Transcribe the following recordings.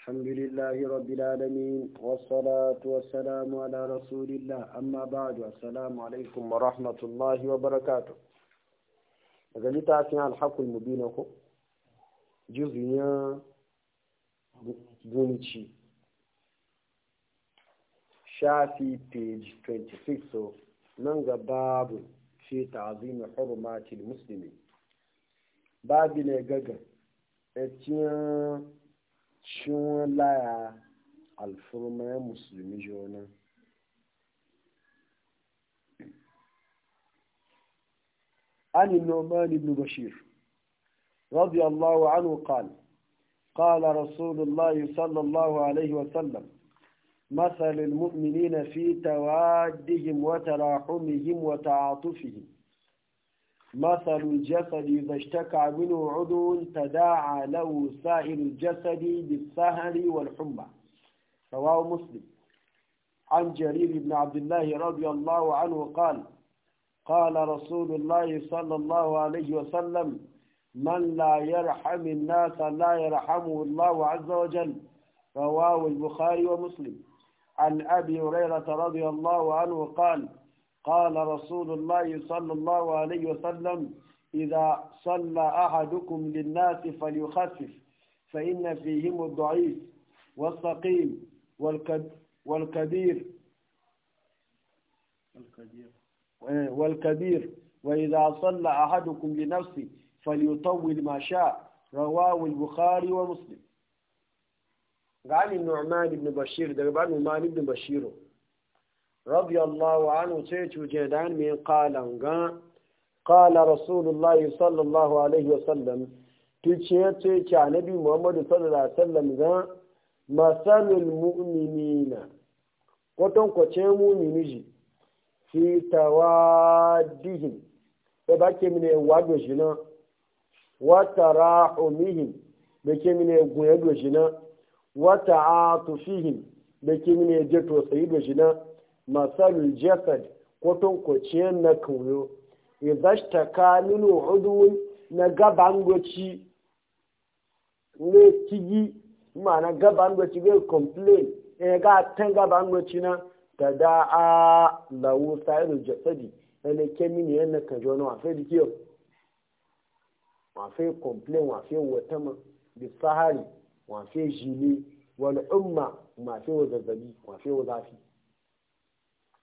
الحمد لله رب العالمين والصلاة والسلام على رسول الله أما بعد السلام عليكم ورحمة الله وبركاته أقول تعطينا الحق المبين أخو جزيا بونيتشي شافي بيج 26 ننجا باب في تعظيم حرمات المسلمين باب ne اتيان shi wọn lára alfurma musulmi عن النعمان بن بشير رضي الله عنه قال قال رسول الله صلى الله عليه وسلم مثل المؤمنين في توادهم وتراحمهم وتعاطفهم مثل الجسد إذا اشتكى منه عضو تداعى له سائر الجسد بالسهر والحمى رواه مسلم عن جرير بن عبد الله رضي الله عنه قال قال رسول الله صلى الله عليه وسلم من لا يرحم الناس لا يرحمه الله عز وجل رواه البخاري ومسلم عن أبي هريرة رضي الله عنه قال قال رسول الله صلى الله عليه وسلم إذا صلى أحدكم للناس فليخفف فإن فيهم الضعيف والثقيل والكبير إيه، والكبير وإذا صلى أحدكم لنفسه فليطول ما شاء رواه البخاري ومسلم قال النعمان بن بشير ده النعمان بن بشير radiyallahu anhu sai cuje dan min qalan ga qala rasulullahi sallallahu alaihi wasallam tuce ce ce annabi muhammadu sallallahu alaihi wasallam ga masalul mu'minina kwaton kwace mu'mini ji fi tawaddihim e ba ke mine wado jina wa tarahumihim be ke mine gunye do jina wa ta'atufihim be ke mine je to sayi do jina masalul jasad kwaton kwaciyar na kauyo ya zashta ka nuna hudun na gaban goci ne tigi ma na gaban goci bai complain ya eh, ga tan gaban goci na ta da a lawo sayar jasadi eh, na kemi ne yana kan jona wafe da kiyo wafe complain wafe ma da sahari wafe jini wani umma wafe wa zazzabi wafe wa zafi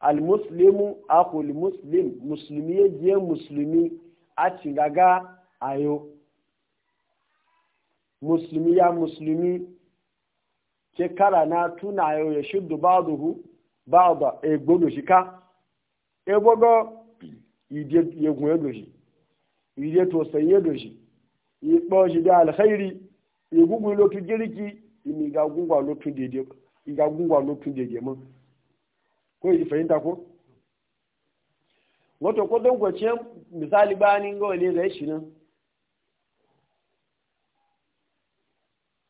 almuslimu akul muslim musulmi ya je musulmi a cigaga ayo musulmi ya musulmi ke kara na tuna ayo ya shuddu ba'dahu ba'da e gbogbo shika e gbogbo ide yegun edoshi ide tosan edoshi ipo shi da alkhairi egungun lo tu imi ga gungwa lo tu dede ga gungwa tu dede mo ko yi fahimta ko wato ko don kwanciyar misali bayanin gawa ne ga shi nan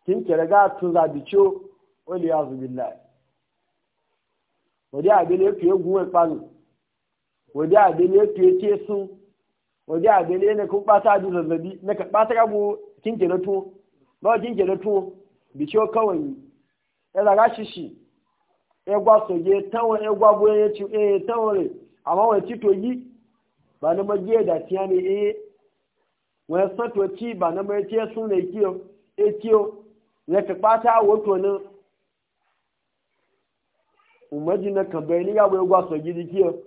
kin kere ga tun zabi ciyo wani ya zubi lai wadi abin ya fiye guwar kpanu wadi abin ya fiye tesu wadi abin ya na kun ɓata ajin zazzabi na ka ɓata gabo kin kere tuwo ba kin kere tuwo bi ciyo kawai ya zaga shi shi egwa soje tawa egwa boye ci eh tawre amma wai ci to yi ba na maje da tiya ne eh wai sa to ci ba na mai ce sun ne kiyo e kiyo ne ka pata wato ne umaji na kambe ni ya wai gwa soje di kiyo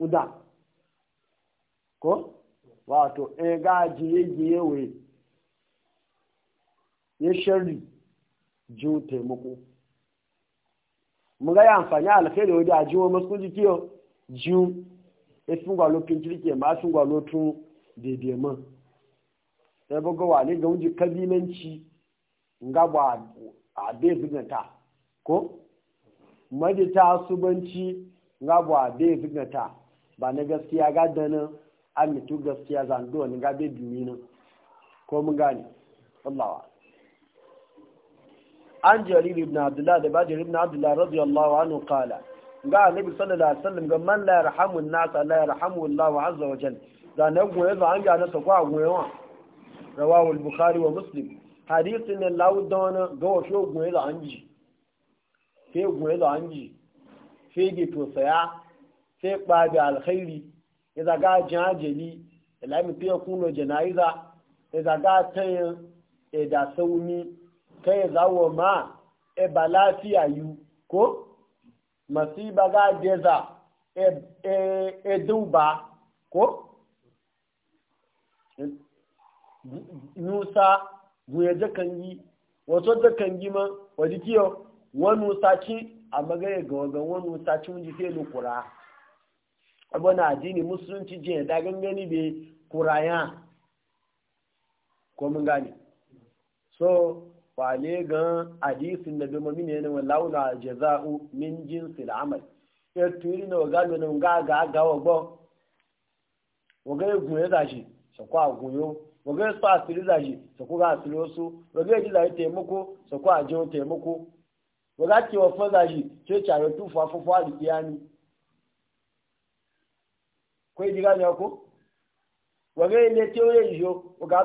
uda ko wato e eh, ga jiye jiye wai ya shari ju taimako mu ga amfani alkhairi wajen a jiwo masu jikiyo jiwu efin gwalo pinkirke ma sun gwalo tun daidai man sai ba wa ne ga wujin kabilanci nga ba a bai zignata ko ta subanci nga ba a bai zignata ba na gaskiya ga dana amitu gaskiya zando ni ga bai dumi ko mun gane Allah an jarir ibn abdullahi da bajir ibn abdullahi radiyallahu anhu qala ga annabi sallallahu alaihi wasallam ga man la yarhamu an-nas la yarhamu Allah azza wa jalla da nan goye za an ga na sako a wa rawahu al-bukhari wa muslim hadithin ne laudana ga wato goye za an ji sai goye za an ji sai ge to saya sai kwabi alkhairi ya zaga jajali ilami fiye kuno janaiza ya ga tayin da sauni kai zawo ma e ba lafiya yu ko masiba ga deza e e e duba ko nusa buye zakan yi wato zakan yi ma waje kiyo wani nusa a magana ga wagan wani nusa ci mun ji kura lukura abu na addini musulunci jiya da gangani bai kuraya ko mun gani so wale gan hadisin da domin mini yana laula jaza'u min jinsi al'amal ya turi na waga nuna ga ga ga wagbo waga ya gunye zashi sako a gunyo waga ya sa asiri zashi sako ga asiri wasu waga ya ji zashi taimako sako a taimako waga ke wafa ce tufa fufuwa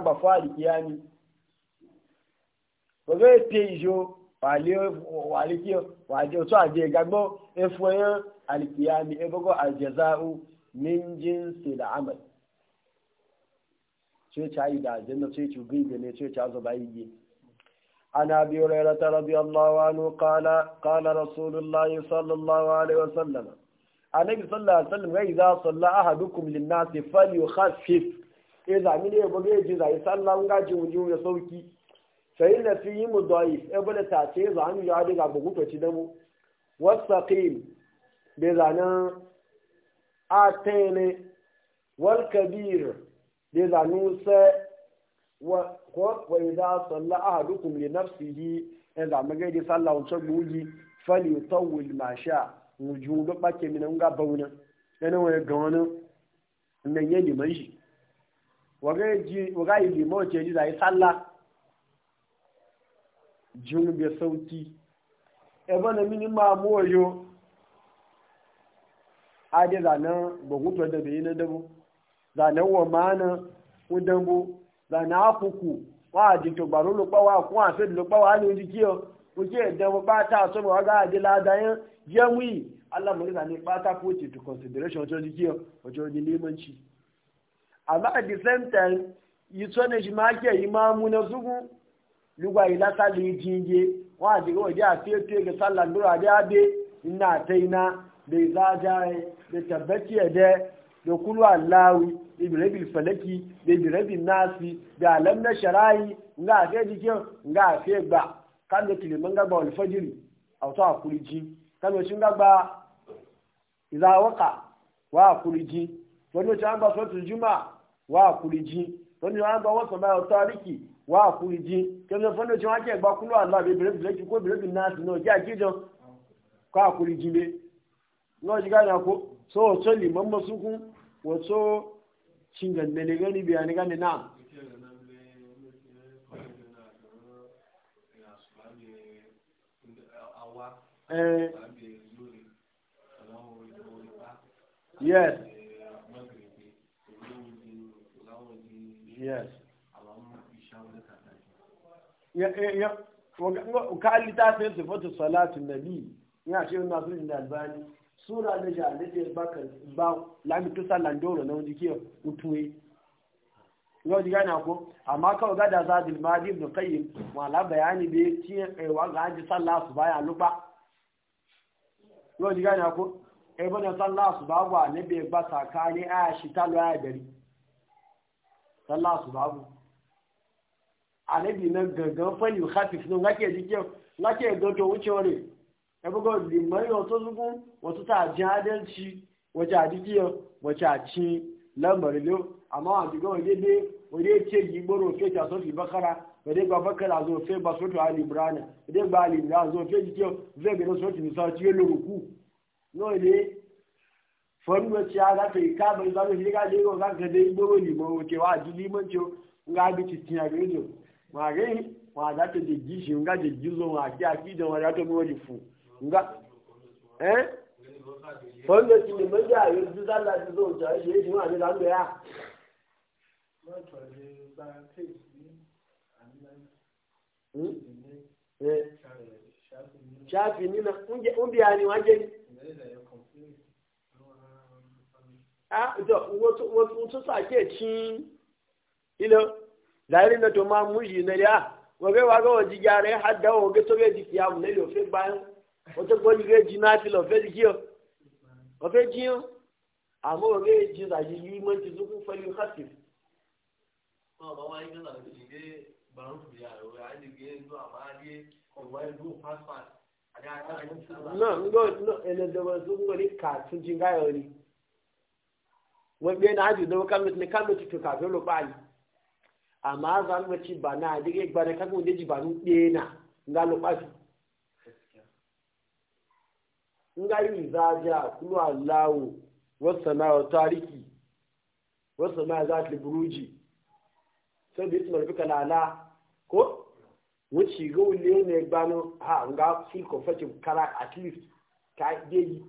da kwai òfé pé ìjó wàlé wàlé kí wàlé òtún àjẹ ìgbàgbọ́ efu ẹ̀yán àlìkìyà ní ẹgbọ́gọ́ àjẹzá ó ní jí ń sè là ámà tí ó cha ìdá àjẹ náà tí ó cha gbígbé ní tí ó cha zọba ìgbé. ana bi rẹ̀rẹ̀ tara bi ọlọ́wà ló kọ́lá kọ́lá rasulillá yìí sọ́lá lọ́wọ́ wa aha dukum lè náà ti fẹ́ o ha fi. ezaa mi ni ebogbo eji zaa yìí sọ́lá ń gá jiwu jiwu sai na fi yi mu doyi ebe ta ce za mu ya daga bugu to ci da mu wasaqim be zana atene wal kabir be zanu sa wa ko wa idza salla ahadukum li nafsihi in za mu gaidi sallah wancan guji fali tawil ma sha wujudu bakke min ga bauna yana wani ga wani nan yayi liman shi wa ga ji wa ga liman ce ji zai sallah junube sauti, ebe na mini ma moyo ade zanen bugutu da bai na dabu? zanen wa mana udambo zanen akuku wa adito gbaro lo pawa kun afe lo pawa ni oji ki o oji edan pa ta so mo ga ade la da yan yemi Allah mo ga ni pa ta put to consideration to ji ki o ojo ni limanci amma at the same time yi so shi ji ma ke imamu na sugun lugwa ila salli jinje wa ji go ja te te ga sallan dura ja de ina taina be za ja be tabbaci da da kulu allawi da birabil falaki da birabil nasi da alam na shara'i nga fe jikin nga fe gba kan da tilimin gaba alfajiri a wata kuli ji kan da gaba izawaka wa kuli ji wani wacce an ba sautu juma wa wani wacce an ba wasu mai wà á kú ìjì kẹ́mi fọ́nà tí wọ́n á jẹ́ ìgbà kúlọ̀ àlọ́ àbí bèrè bèrè kó bèrè bèrè náà sí náà jẹ́ àjíjọ kó á kú ìjì lé náà jìgá ní àkó tó o tó lè mọ́mọ́ sunkún wò tó ṣìngàn nílé gẹ́ níbi ànígá ní náà. Yes. Yes. ka alita sai sifatu salatu nabi ya ce na su da albani sura da ja da ke baka ba lamitu sallan sallandoro na wani ke mutuwe yau diga na ko amma kawai gada za da madi ibn qayyim wala bayani be ci kaiwa eh, ga haji sallah su baya luba yau diga na ko ai bane sallah su ba eh, wa ne be ba sakani a shi talwa dari sallah su babu anabi na gangan fani hafif no ngake jike ngake goto wuce wore ebugo limai wato zugun wato ta jadalci wace a jike wace a ci lambar lo amma a jiga waje ne waje ce yi fe ta sofi bakara waje ba bakara zo fe ba sofi ali ibrahim waje ba ali zo fe jike zai gina sofi misal ci yelo ruku no ne fọnù ẹtì aláfẹ ìkáàbọ ìbálòpọ̀ ìdíkàlẹ ìrọ̀ lágbẹ̀dẹ ìgbòho ìmọ̀ òkè wa àdúlímọ̀ tí ó ń gá bí ti tìyàn ma gai ma za ta jirgi shi nga jirgi zo ma ki a kidan wa za ta mi wani fu nga eh wanda ki ne mai ya yi zu zalla zu zo ta shi shi ma ne da ya shafi ni na unbiya ni wajen ah to wato wato sake cin ilo zahiri na to ma muji na ya wage wage waji gyara hadda wage to be di ya mun le fe bayan o to go ge ji na ti fe di yo o fe ji yo amo ji da ji yi mun ti zuku fa li khasif ma ba wa yi na ji ge ba ru ya ro ya ni ge no ama ge ko wa ru fast fast na ngo no ele da ba su ngoli ka tun jinga yori wani na haji da wakan mutum kan mutum to kafin rubani amma za mu ci ba na dige ba da kaga wanda ji ba nu dena nga lo pasu nga yi za ja kullu allahu wasana wa tariki wasana za ta buruji sai bi tsmar bi kalala ko wuci ga wule ne gbanu ha nga fi ko kara kala at least ka dai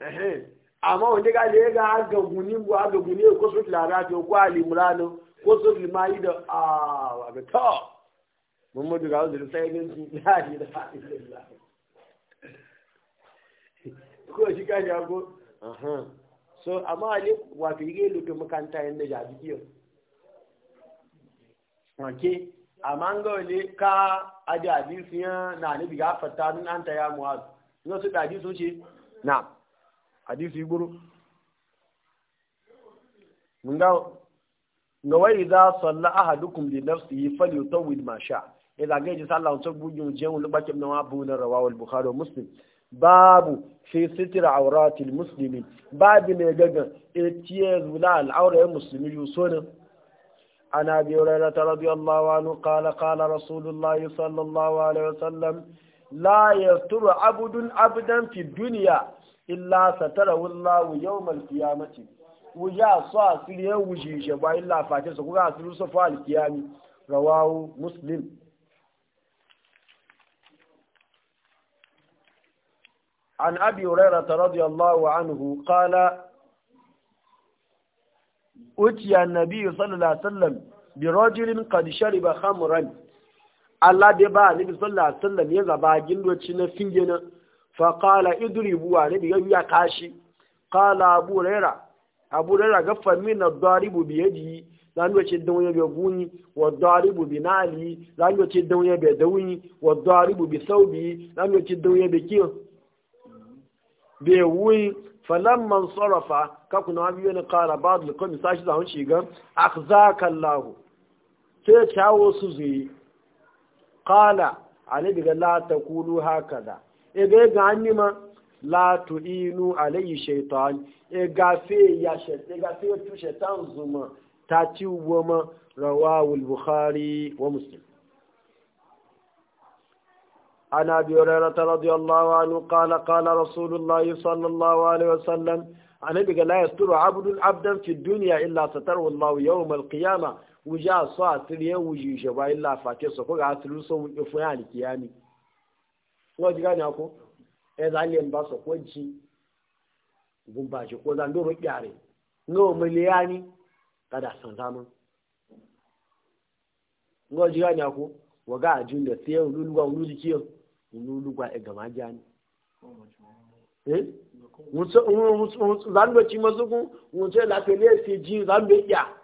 eh amma wanda ga da ya ga agaguni bu agaguni ko su larafi ko alimurano ko su limayi da a ga ta muhammadu ga wanda sai ga su lahi da fa'ilillah ko shi ka ja ko aha so amma ale wato yige lutu makanta inda ja biyo wanke amma ga wale ka ajabi fiya na ni biga fata nan anta ya muaz no su daji sun ce na'am hadisi guru mun ga ga wai za salla ahadukum li nafsihi falyutawwid ma sha idza ga ji sallahu ta bujin jin lubaki ibn abu na rawahu al-bukhari wa muslim babu fi sitira awratil muslimi babu ne gaga etiye zula al-awra muslimi yusunan عن أبي هريرة رضي الله عنه قال قال رسول الله صلى الله عليه وسلم لا يستر عبد عبدا في الدنيا illa satara wallahu yawmal qiyamati wuja so asiri en wujije ba illa fati so kuga asiri so fa al qiyami rawahu muslim an abi hurayra radiyallahu anhu qala uti ya nabi sallallahu alaihi wasallam bi rajulin qad shariba khamran alla de ba nabi sallallahu alaihi wasallam ya zaba gindo ci na fingena faƙala idribuwa ne biya ya kashi ƙala abu rera abu rera ga fami na daribu biya ji zanuwa ce don ya bai guni wa daribu bi nali zanuwa ce don ya bai dauni wa daribu bi saubi zanuwa ce don ya bai kiyo bai wuyi falamman sarrafa kakuna biyu ne ƙara ba da lukon misashi zahun a akzakan lahu sai kyawo su zuyi ƙala a ne daga la ta kulu haka da ebe ga annima la tu'inu alayhi shaytan e gafe ya shaytan e gafe tu shaytan zuma ta ci woma rawahu al-bukhari wa muslim عن أبي هريرة رضي الله عنه قال قال رسول الله صلى الله عليه وسلم عن أبي لا يستر عبد عبدا في الدنيا إلا ستره الله يوم القيامة وجاء صاع تريه وجيشه وإلا فاكسه فقع تلوسه وفيان كيامي يعني. wọ́n ti gane ko ya zane ba su ji, gumba shi ko zan doro kyare nawa miliyani kada san samun Nga ti gane ko wa ga ajin da sai yau lulugwa wululi kiyo lulugwa ya gama jani zan doci mazugun wuce lafiyar ya fi ji zan bai iya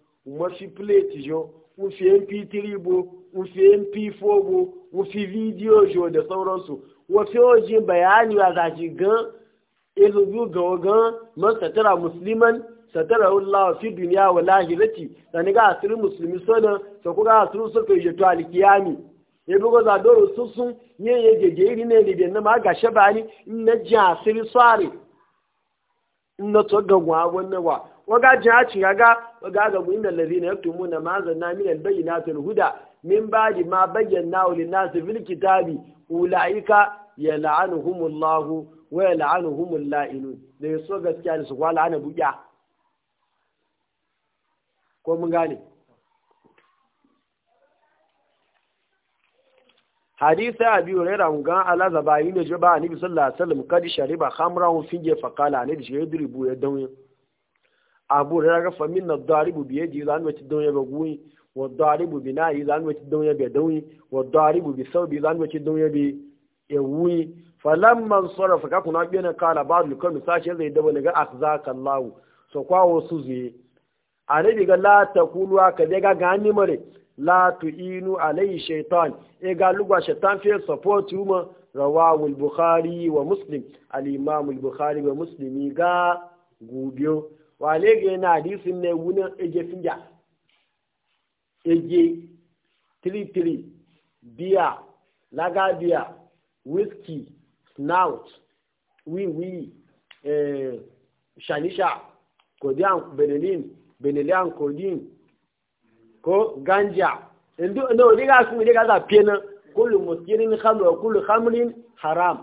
umasi fi plate jo un fi mp3 bo un fi mp4 bo un fi video jo da sauransu wasu yawanci bayani za shi gan ilubu ga wagan man satara musliman satara Allah fi duniya wa lahirati sani ga asirin musulmi sonan sa kuka asirin suka yi jato alkiyami ya bugu za doro sussun yin yage jeri ne da ne ma ga ni na ji asirin tsari na tsogagun abun na wa waga jin haci gaga waga ga mu inda lazina yaktumuna ma zanna min albayyinatil huda min ba'di ma bayyana lin nas fil kitabi ulaika yal'anuhumullahu wa yal'anuhumul la'inun da yaso gaskiya da su kwala ana buya ko mun gane hadisa abi biyu rai rangan alaza ba yi ne jiba ni alaihi salim kadi shariba hamra hun finge faqala ne bi shi diribu ya dauyin abu rai ga famin na daribu bi yaji zan wace dauyin ba guyi wa daribu bi na yi zan wace dauyin ba yi wa daribu bi sau bi zan wace ya bi ya wuyi falamman sarrafa ka kuna bi na kala ba da kan sashi zai daba daga akzaka allahu so kwawo su zuye a ne ga la takulu kuluwa ka je ga ni mare la tu'inu alayhi shaitan e ga lugwa shaitan fi support yuma rawahu al-bukhari wa muslim al-imam al-bukhari wa muslimi ga gubiyo wale ga yana hadisin ne wuna eje finja eje 33 biya laga biya whisky snout wiwi eh shanisha kodian benelin benelian kodin ko ganja indu inda wani ga su ne ga za fiye kullu muskirin khamr wa kullu khamrin haram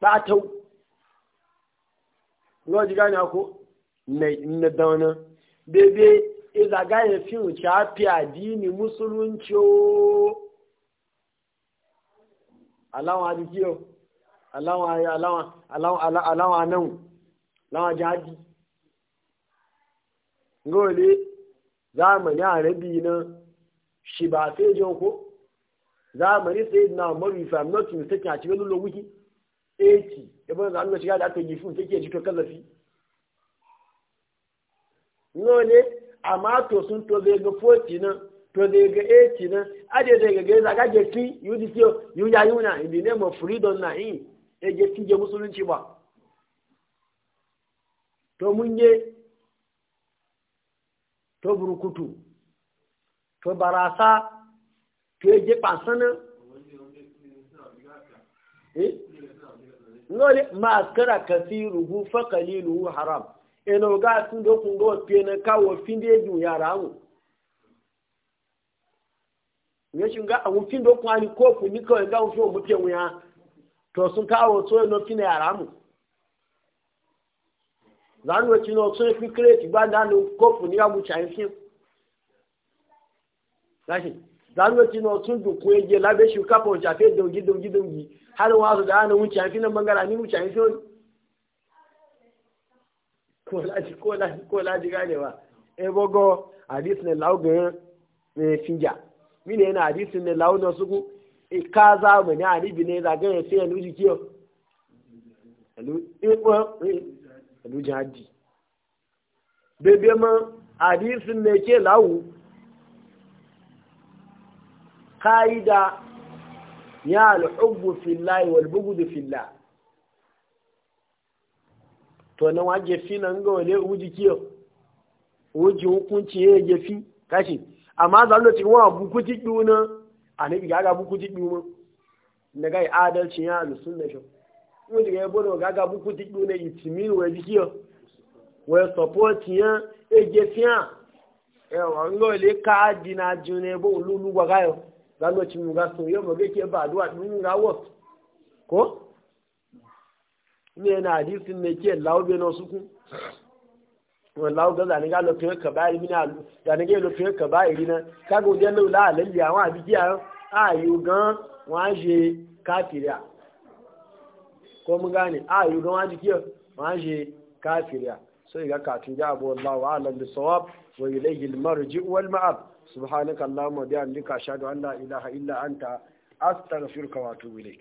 ta tau ngo ji gani ko ne ne da bebe iza e ga ya fi wuce afi addini musulunci alawa adikiyo alawa alawa alawa alawa nan lawa jadi ngole zamani arabi na shi ba sai jan ko zamani sai na mari if not not take a cikin lullo wiki 80 ibn zalma shiga da aka yi fun take jikin kallafi no ne amma to sun to zai ga 40 na to zai ga 80 nan aje zai ga gaza ga je fi yu di tiyo yu ya yuna in the name of freedom na in e je fi je musulunci ba to mun ye to burukutu to barasa to eje pasana ngole ma kara kasiruhu fa qaliluhu haram eno ga tun do kun go pene kawo finde ju yara ne shin ga fin do kun ani ko ni ga so ya to sun so no yara mu zanu ti no so fi crate gba danu kofu ni abu chaisi lashi zanu ti no tun du ko eje labe shu kapo ja fe do gido gido gi har wa so danu mu chaisi na mangara ni mu chaisi on ko la ji ko la ko la ji gane wa e bogo hadis ne laugan ne finja mine na hadis ne laugan suku e ka za mu ne ani bi ne za ga sai ya nuji kiyo Hello, e, e, alujin hajji bebe ma hadisin ne ke lawu ka'ida ya al'ubbu fillahi wal bugudu fillah to na waje fi nan ga wale uji kiyo uji hukunci ya je fi kashi amma za mu ci wa buku ti duna anabi ga ga buku ti duna daga adalci ya al-sunna shi wọ́n ti gẹ̀ẹ́ bọ́dọ̀ gaga búkú ti gbóná ìtìmí wẹ̀ bí kí ọ wẹ̀ sọ̀pọ́ọ̀tì yẹn èjè fíhàn ẹ̀ wọ́n ń lọ ka káàdì náà jù ní ẹbọ́ olólùwà káyọ̀ lánàá tí mo ga sùn yóò mọ̀ kéèké bá àdúrà tó ń mi gan ko mun gane a yi don waji kiyo shi kafiriya sai ga katun ya abu wallahu a'lam sawab wa ilayhi al-marji wal ma'ab subhanaka allahumma bihamdika ashhadu an la ilaha illa anta astaghfiruka wa atubu ilayk